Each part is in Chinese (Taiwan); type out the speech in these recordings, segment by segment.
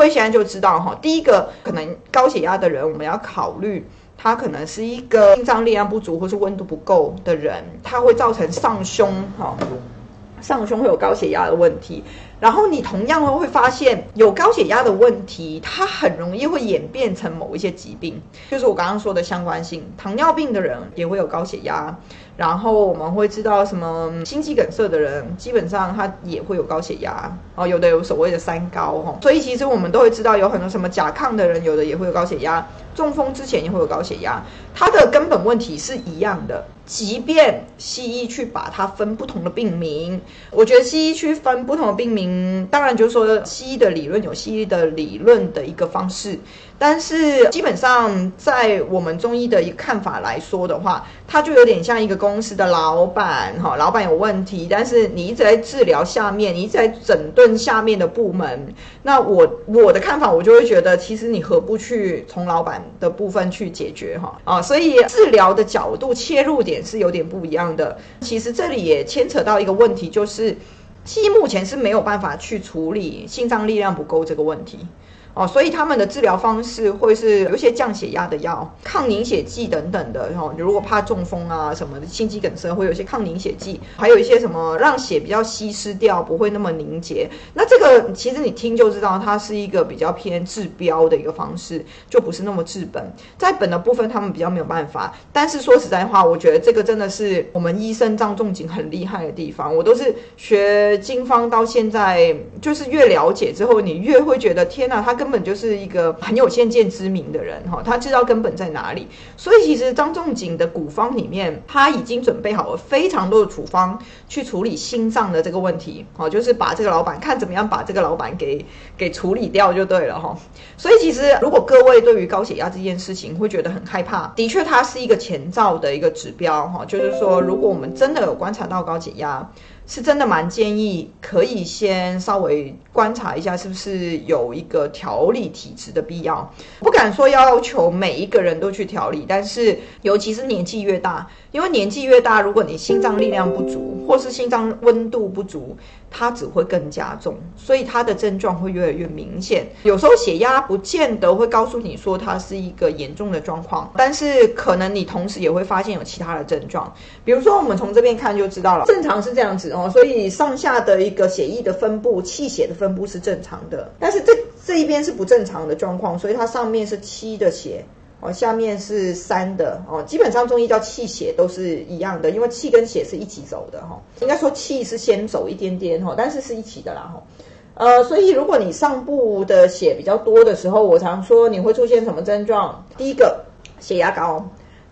所以現在就知道哈，第一個可能高血壓的人，我們要考慮他可能是一個心臟力量不足或是溫度不夠的人，他會造成上胸哈，上胸會有高血壓的問題。然後你同樣會發現，有高血壓的問題，它很容易會演變成某一些疾病，就是我剛剛說的相關性。糖尿病的人也會有高血壓，然後我們會知道什麼心肌梗塞的人，基本上他也會有高血壓。哦，有的有所謂的三高哈，所以其實我們都會知道，有很多什麼甲亢的人，有的也會有高血壓，中風之前也會有高血壓，它的根本問題是一樣的。即便西醫去把它分不同的病名，我覺得西醫區分不同的病名。嗯，當然就是說西醫的理論有西醫的理論的一個方式，但是基本上在我們中醫的一個看法來說的話，它就有點像一個公司的老板哈，老板有問題，但是你一直在治療下面，你一直在整頓下面的部門。那我我的看法，我就會覺得，其實你何不去從老板的部分去解決哈啊。所以治療的角度切入點是有點不一樣的。其實這裡也牽扯到一個問題，就是。西醫目前是沒有辦法去處理心臟力量不夠這個問題。哦，所以他們的治療方式會是有些降血壓的藥、抗凝血劑等等的。然後，哦，你如果怕中風啊什麼的心肌梗塞，會有一些抗凝血劑，還有一些什麼讓血比較稀釋掉，不會那麼凝結。那這個其實你聽就知道，它是一個比較偏治標的一個方式，就不是那麼治本。在本的部分，他們比較沒有辦法。但是說實在話，我覺得這個真的是我們醫生張仲景很厲害的地方。我都是學經方到現在，就是越了解之後，你越會覺得天哪，他根本。根本就是一個很有先見之明的人哈、哦，他知道根本在哪裡，所以其實張仲景的古方裡面，他已經準備好了非常多的處方去處理心臟的這個問題，哦，就是把這個老闆看怎麼樣把這個老闆給給處理掉就對了哈、哦。所以其實如果各位對於高血壓這件事情會覺得很害怕，的確它是一個前兆的一個指標哈、哦，就是說如果我們真的有觀察到高血壓。是真的蠻建議，可以先稍微觀察一下，是不是有一個調理體質的必要。不敢說要求每一個人都去調理，但是尤其是年紀越大，因為年紀越大，如果你心臟力量不足，或是心臟溫度不足，它只會更加重，所以它的症狀會越來越明顯。有時候血壓不見得會告訴你說它是一個嚴重的狀況，但是可能你同時也會發現有其他的症狀，比如說我們從這邊看就知道了，正常是這樣子哦。哦，所以上下的一個血液的分布、氣血的分布是正常的，但是這這一邊是不正常的狀況，所以它上面是七的血，哦，下面是三的，哦，基本上中醫叫氣血都是一樣的，因為氣跟血是一起走的哈、哦，應該說氣是先走一點點哈、哦，但是是一起的啦哈、哦，呃，所以如果你上部的血比較多的時候，我常說你會出現什麼症狀？第一個血壓高，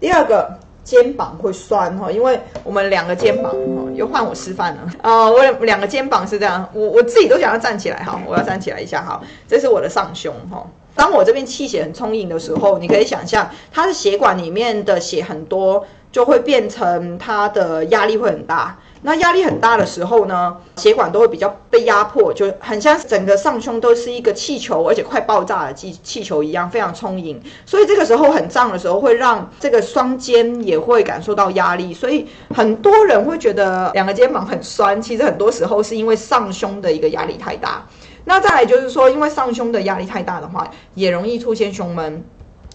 第二個。肩膀會痠哈、哦，因為我們兩個肩膀哈、哦、又換我示範了啊、哦，我兩個肩膀是這樣，我我自己都想要站起來哈，我要站起來一下哈，這是我的上胸哈、哦，當我這邊氣血很充盈的時候，你可以想象它的血管裡面的血很多。就會變成它的壓力會很大，那壓力很大的時候呢，血管都會比較被壓迫，就很像整個上胸都是一個氣球，而且快爆炸的氣氣球一樣，非常充盈。所以這個時候很脹的時候，會讓這個雙肩也會感受到壓力，所以很多人會覺得兩個肩膀很酸。其實很多時候是因為上胸的一個壓力太大。那再來就是說，因為上胸的壓力太大的話，也容易出現胸悶。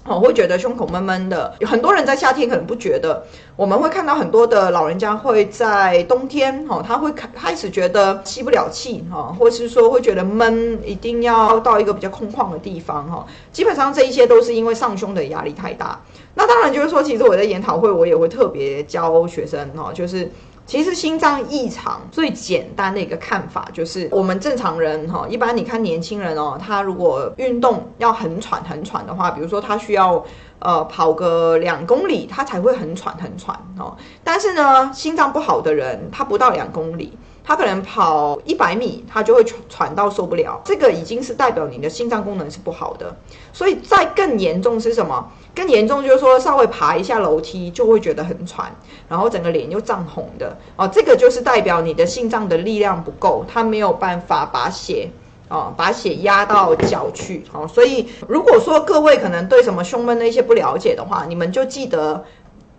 哦，會覺得胸口悶悶的，有很多人在夏天可能不覺得，我們會看到很多的老人家會在冬天，哦，他會開開始覺得吸不了氣，哈、哦，或是說會覺得悶，一定要到一個比較空曠的地方，哈、哦，基本上這一些都是因為上胸的壓力太大。那當然就是說，其實我在研討會我也會特別教學生，哈、哦，就是。其實心臟異常最簡單的一個看法就是，我們正常人哈，一般你看年輕人哦，他如果運動要很喘很喘的話，比如說他需要，呃，跑個兩公里，他才會很喘很喘哦。但是呢，心臟不好的人，他不到兩公里。他可能跑一百米，他就會喘，喘到受不了，這個已經是代表你的心臟功能是不好的。所以再更嚴重是什麼？更嚴重就是說，稍微爬一下樓梯就會覺得很喘，然後整個臉又脹紅的哦，這個就是代表你的心臟的力量不夠，他沒有辦法把血哦把血壓到腳去哦。所以如果說各位可能對什麼胸悶的一些不了解的話，你們就記得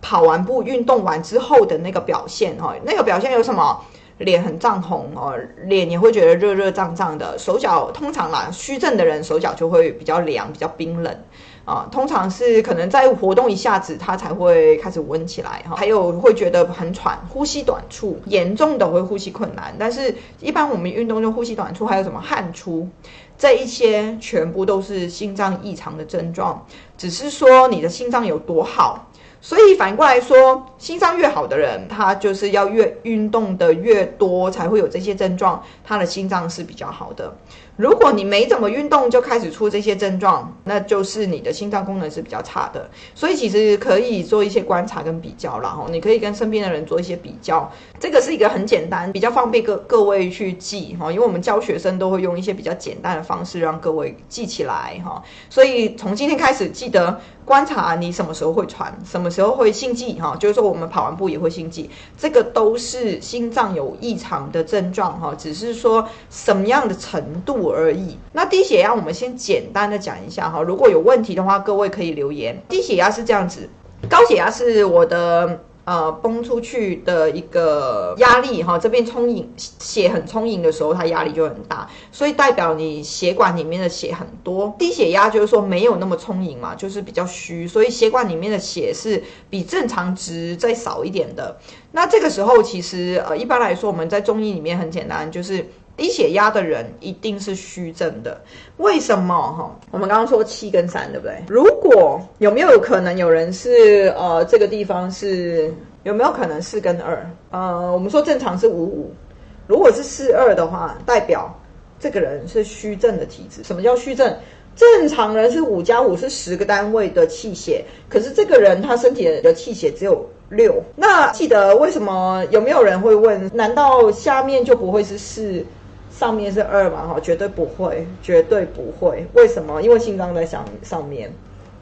跑完步、運動完之後的那個表現哦，那個表現有什麼？臉很脹紅哦，臉也會覺得熱熱脹脹的，手腳通常啦，虛症的人手腳就會比較涼，比較冰冷啊。通常是可能在活動一下子，他才會開始溫起來哈、啊。還有會覺得很喘，呼吸短促，嚴重的會呼吸困難。但是一般我們運動就呼吸短促，還有什麼汗出，這一些全部都是心臟異常的症狀，只是說你的心臟有多好。所以反過來說，心臟越好的人，他就是要越運動的越多，才會有這些症狀。他的心臟是比較好的。如果你沒怎麼運動就開始出這些症狀，那就是你的心臟功能是比較差的。所以其實可以做一些觀察跟比較啦，然後你可以跟身邊的人做一些比較。這個是一個很簡單、比較方便各各位去記哈，因為我們教學生都會用一些比較簡單的方式讓各位記起來哈。所以從今天開始，記得觀察你什麼時候會喘，什麼。有時候會心悸哈，就是說我們跑完步也會心悸，這個都是心臟有異常的症狀哈，只是說什麼樣的程度而已。那低血壓我們先簡單的講一下哈，如果有問題的話，各位可以留言。低血壓是這樣子，高血壓是我的。呃，繃出去的一個壓力哈，這邊充盈，血很充盈的時候，它壓力就很大，所以代表你血管裡面的血很多。低血壓就是說沒有那麼充盈嘛，就是比較虛，所以血管裡面的血是比正常值再少一點的。那這個時候其實呃，一般來說我們在中醫裡面很簡單，就是。低血壓的人一定是虛症的，為什麼？哈，我們剛剛說七跟三，對不對？如果有沒有可能有人是呃，這個地方是有沒有可能四跟二？呃，我們說正常是五五，如果是四二的話，代表這個人是虛症的體質。什麼叫虛症？正常人是五加五是十個單位的氣血，可是這個人他身體的氣血只有六。那記得為什麼？有沒有人會問？難道下面就不會是四？上面是二嘛，哈，絕對不會，絕對不會。為什麼？因為心臟在上上面，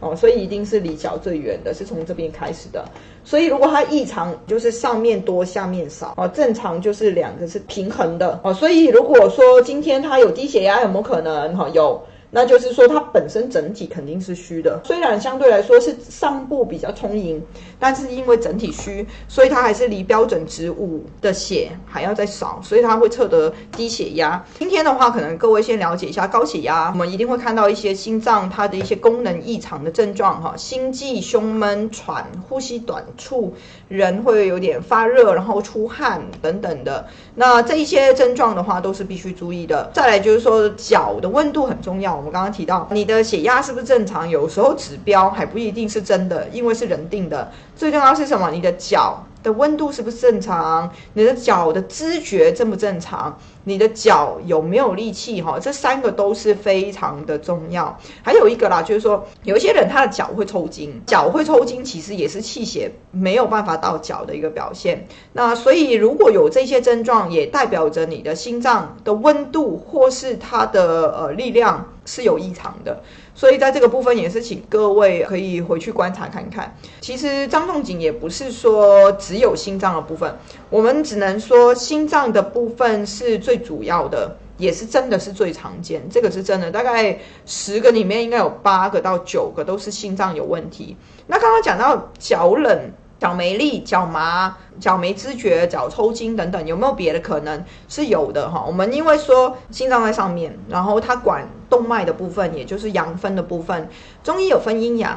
哦，所以一定是離腳最遠的，是從這邊開始的。所以如果它異常，就是上面多，下面少，哦，正常就是兩個是平衡的，哦，所以如果說今天它有低血壓，有沒有可能？哈，有。那就是說，它本身整體肯定是虛的，雖然相對來說是上部比較充盈，但是因為整體虛，所以它還是離標準值五的血還要再少，所以它會測得低血壓。今天的話，可能各位先了解一下高血壓，我們一定會看到一些心臟它的一些功能異常的症狀哈，心悸、胸悶、喘、呼吸短促，人會有點發熱，然後出汗等等的。那這一些症狀的話，都是必須注意的。再來就是說，腳的溫度很重要。我們剛剛提到，你的血壓是不是正常？有時候指標還不一定是真的，因為是人定的。最重要是什麼？你的腳的溫度是不是正常？你的腳的知覺正不正常？你的腳有沒有力氣？哈，這三個都是非常的重要。還有一個啦，就是說，有一些人他的腳會抽筋，腳會抽筋其實也是氣血沒有辦法到腳的一個表現。那所以如果有這些症狀，也代表着你的心臟的溫度或是它的呃力量是有異常的。所以在這個部分也是，請各位可以回去觀察看看。其實張仲景也不是說只有心臟的部分，我們只能說心臟的部分是最主要的，也是真的是最常見，這個是真的。大概十個裡面應該有八個到九個都是心臟有問題。那剛剛講到腳冷。腳沒力、腳麻、腳沒知覺、腳抽筋等等，有沒有別的可能？是有的哈、哦。我們因為說心臟在上面，然後它管動脈的部分，也就是陽分的部分，中醫有分陰陽。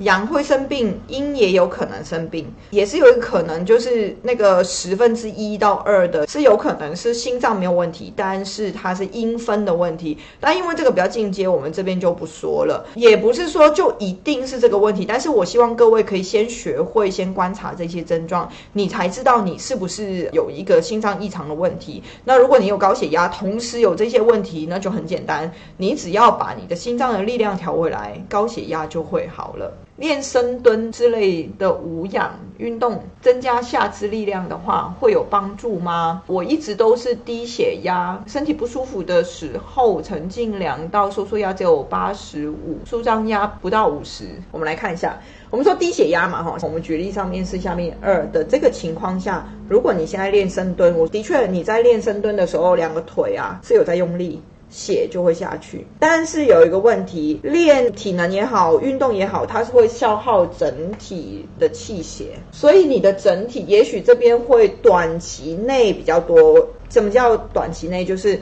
陽會生病，陰也有可能生病，也是有一個可能，就是那個十分之一到二的，是有可能是心臟沒有問題，但是它是陰分的問題。但因為這個比較進階，我們這邊就不說了，也不是說就一定是這個問題。但是我希望各位可以先學會，先觀察這些症狀，你才知道你是不是有一個心臟異常的問題。那如果你有高血壓，同時有這些問題，那就很簡單，你只要把你的心臟的力量調回來，高血壓就會好了。練深蹲之類的無氧運動，增加下肢力量的話，會有幫助嗎？我一直都是低血壓，身體不舒服的時候，沉浸量到收縮壓只有八十五，舒張壓不到五十。我們來看一下，我們說低血壓嘛，哈，我們舉例上面是下面二的這個情況下，如果你現在練深蹲，我的確你在練深蹲的時候，兩個腿啊是有在用力。血就會下去，但是有一個問題，練體能也好，運動也好，它是會消耗整體的氣血，所以你的整體也許這邊會短期內比較多。什麼叫短期內？就是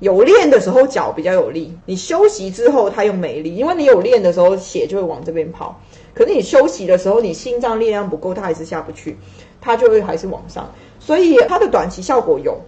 有練的時候腳比較有力，你休息之後它又沒力，因為你有練的時候血就會往這邊跑，可是你休息的時候你心臟力量不夠，它還是下不去，它就會還是往上，所以它的短期效果有。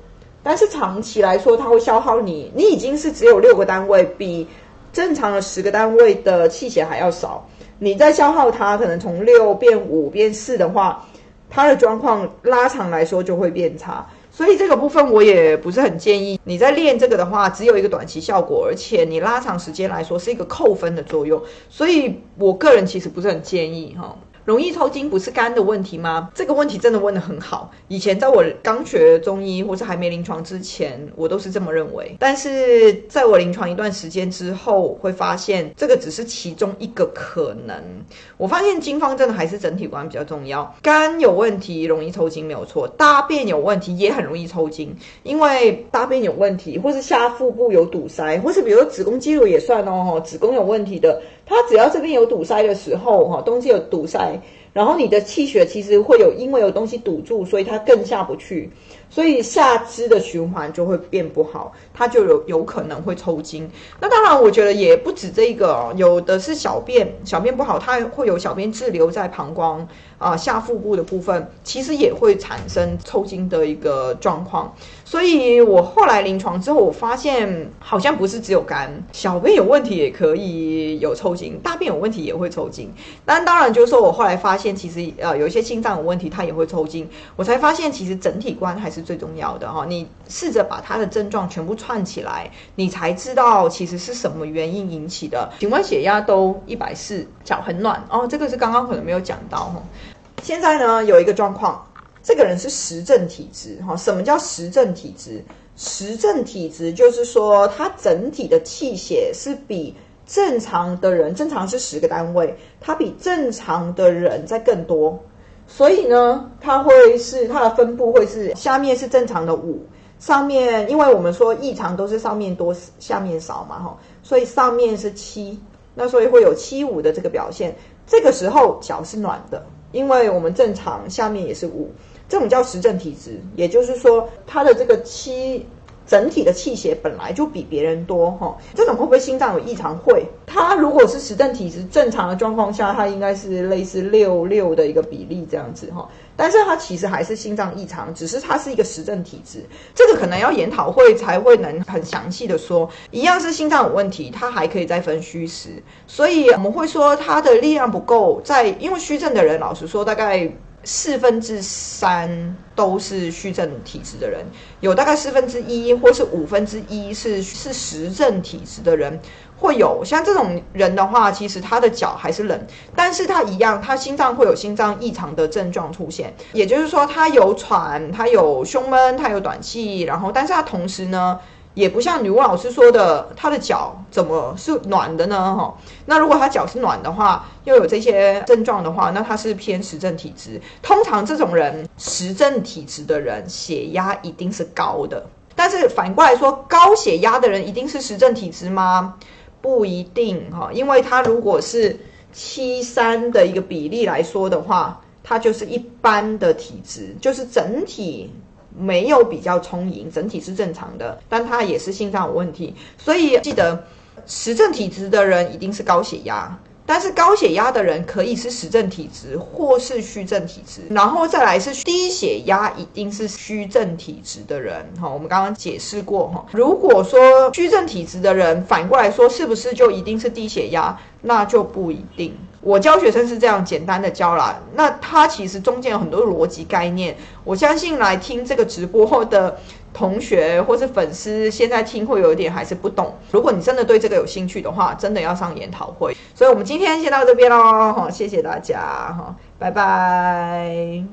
但是長期來說，它會消耗你。你已經是只有六個單位，比正常的十個單位的氣血還要少。你在消耗它，可能從六變五、變四的話，它的狀況拉長來說就會變差。所以這個部分我也不是很建議。你在練這個的話，只有一個短期效果，而且你拉長時間來說是一個扣分的作用。所以我個人其實不是很建議哈。哦，容易抽筋不是肝的問題嗎？這個問題真的問得很好。以前在我剛學中醫或是還沒臨床之前，我都是這麼認為。但是在我臨床一段時間之後，會發現這個只是其中一個可能。我發現經方真的還是整體觀比較重要。肝有問題容易抽筋沒有錯，大便有問題也很容易抽筋，因為大便有問題，或是下腹部有堵塞，或是比如說子宮肌肉也算哦，子宮有問題的。它只要這邊有堵塞的時候，哈，東西有堵塞，然後你的氣血其實會有，因為有東西堵住，所以它更下不去。所以下肢的循環就會變不好，它就有有可能會抽筋。那當然，我覺得也不止這一個哦，有的是小便，小便不好，它會有小便滯留在膀胱啊、呃、下腹部的部分，其實也會產生抽筋的一個狀況。所以我後來臨床之後，我發現好像不是只有肝，小便有問題也可以有抽筋，大便有問題也會抽筋。但當然就是說我後來發現，其實呃有一些心臟有問題，它也會抽筋。我才發現，其實整體觀還是。最重要的哈，你試着把他的症狀全部串起來，你才知道其實是什麼原因引起的。請問血壓都一百四，腳很暖哦，這個是剛剛可能沒有講到。現在呢，有一個狀況，這個人是實證體質哈。什麼叫實證體質？實證體質就是說，他整體的氣血是比正常的人，正常是十個單位，他比正常的人再更多。所以呢，它會是它的分布會是下面是正常的五，上面因為我們說異常都是上面多下面少嘛哈，所以上面是七，那所以會有七五的這個表現，這個時候腳是暖的，因為我們正常下面也是五，這種叫實證體質，也就是說它的這個七。整體的氣血本來就比別人多哈，這種會不會心臟有異常？會，他如果是實證體質，正常的狀況下，他應該是類似六六的一個比例這樣子哈，但是他其實還是心臟異常，只是他是一個實證體質，這個可能要研討會才會能很詳細的說。一樣是心臟有問題，他還可以再分虛實，所以我們會說他的力量不夠在，在因為虛證的人，老實說，大概。四分之三都是虛症體質的人，有大概四分之一或是五分之一是是實症體質的人，會有像這種人的話，其實他的腳還是冷，但是他一樣，他心臟會有心臟異常的症狀出現，也就是說他有喘，他有胸悶，他有短氣，然後但是他同時呢。也不像女巫老師說的，她的腳怎麼是暖的呢？哈，那如果她腳是暖的話，又有這些症狀的話，那她是偏實證體質。通常這種人，實證體質的人，血壓一定是高的。但是反過來說，高血壓的人一定是實證體質嗎？不一定哈，因為她如果是七三的一個比例來說的話，她就是一般的體質，就是整體。沒有比較充盈，整體是正常的，但它也是心臟有問題。所以記得，實證體質的人一定是高血壓，但是高血壓的人可以是實證體質，或是虛證體質。然後再來是低血壓，一定是虛證體質的人。哈、哦，我們剛剛解釋過哈。如果說虛證體質的人反過來說，是不是就一定是低血壓？那就不一定。我教學生是這樣簡單的教啦。那他其實中間有很多邏輯概念。我相信來聽這個直播後的同學或是粉絲，現在聽會有一點還是不懂。如果你真的對這個有興趣的話，真的要上研討會。所以我們今天先到這邊嘍，好，謝謝大家，拜拜。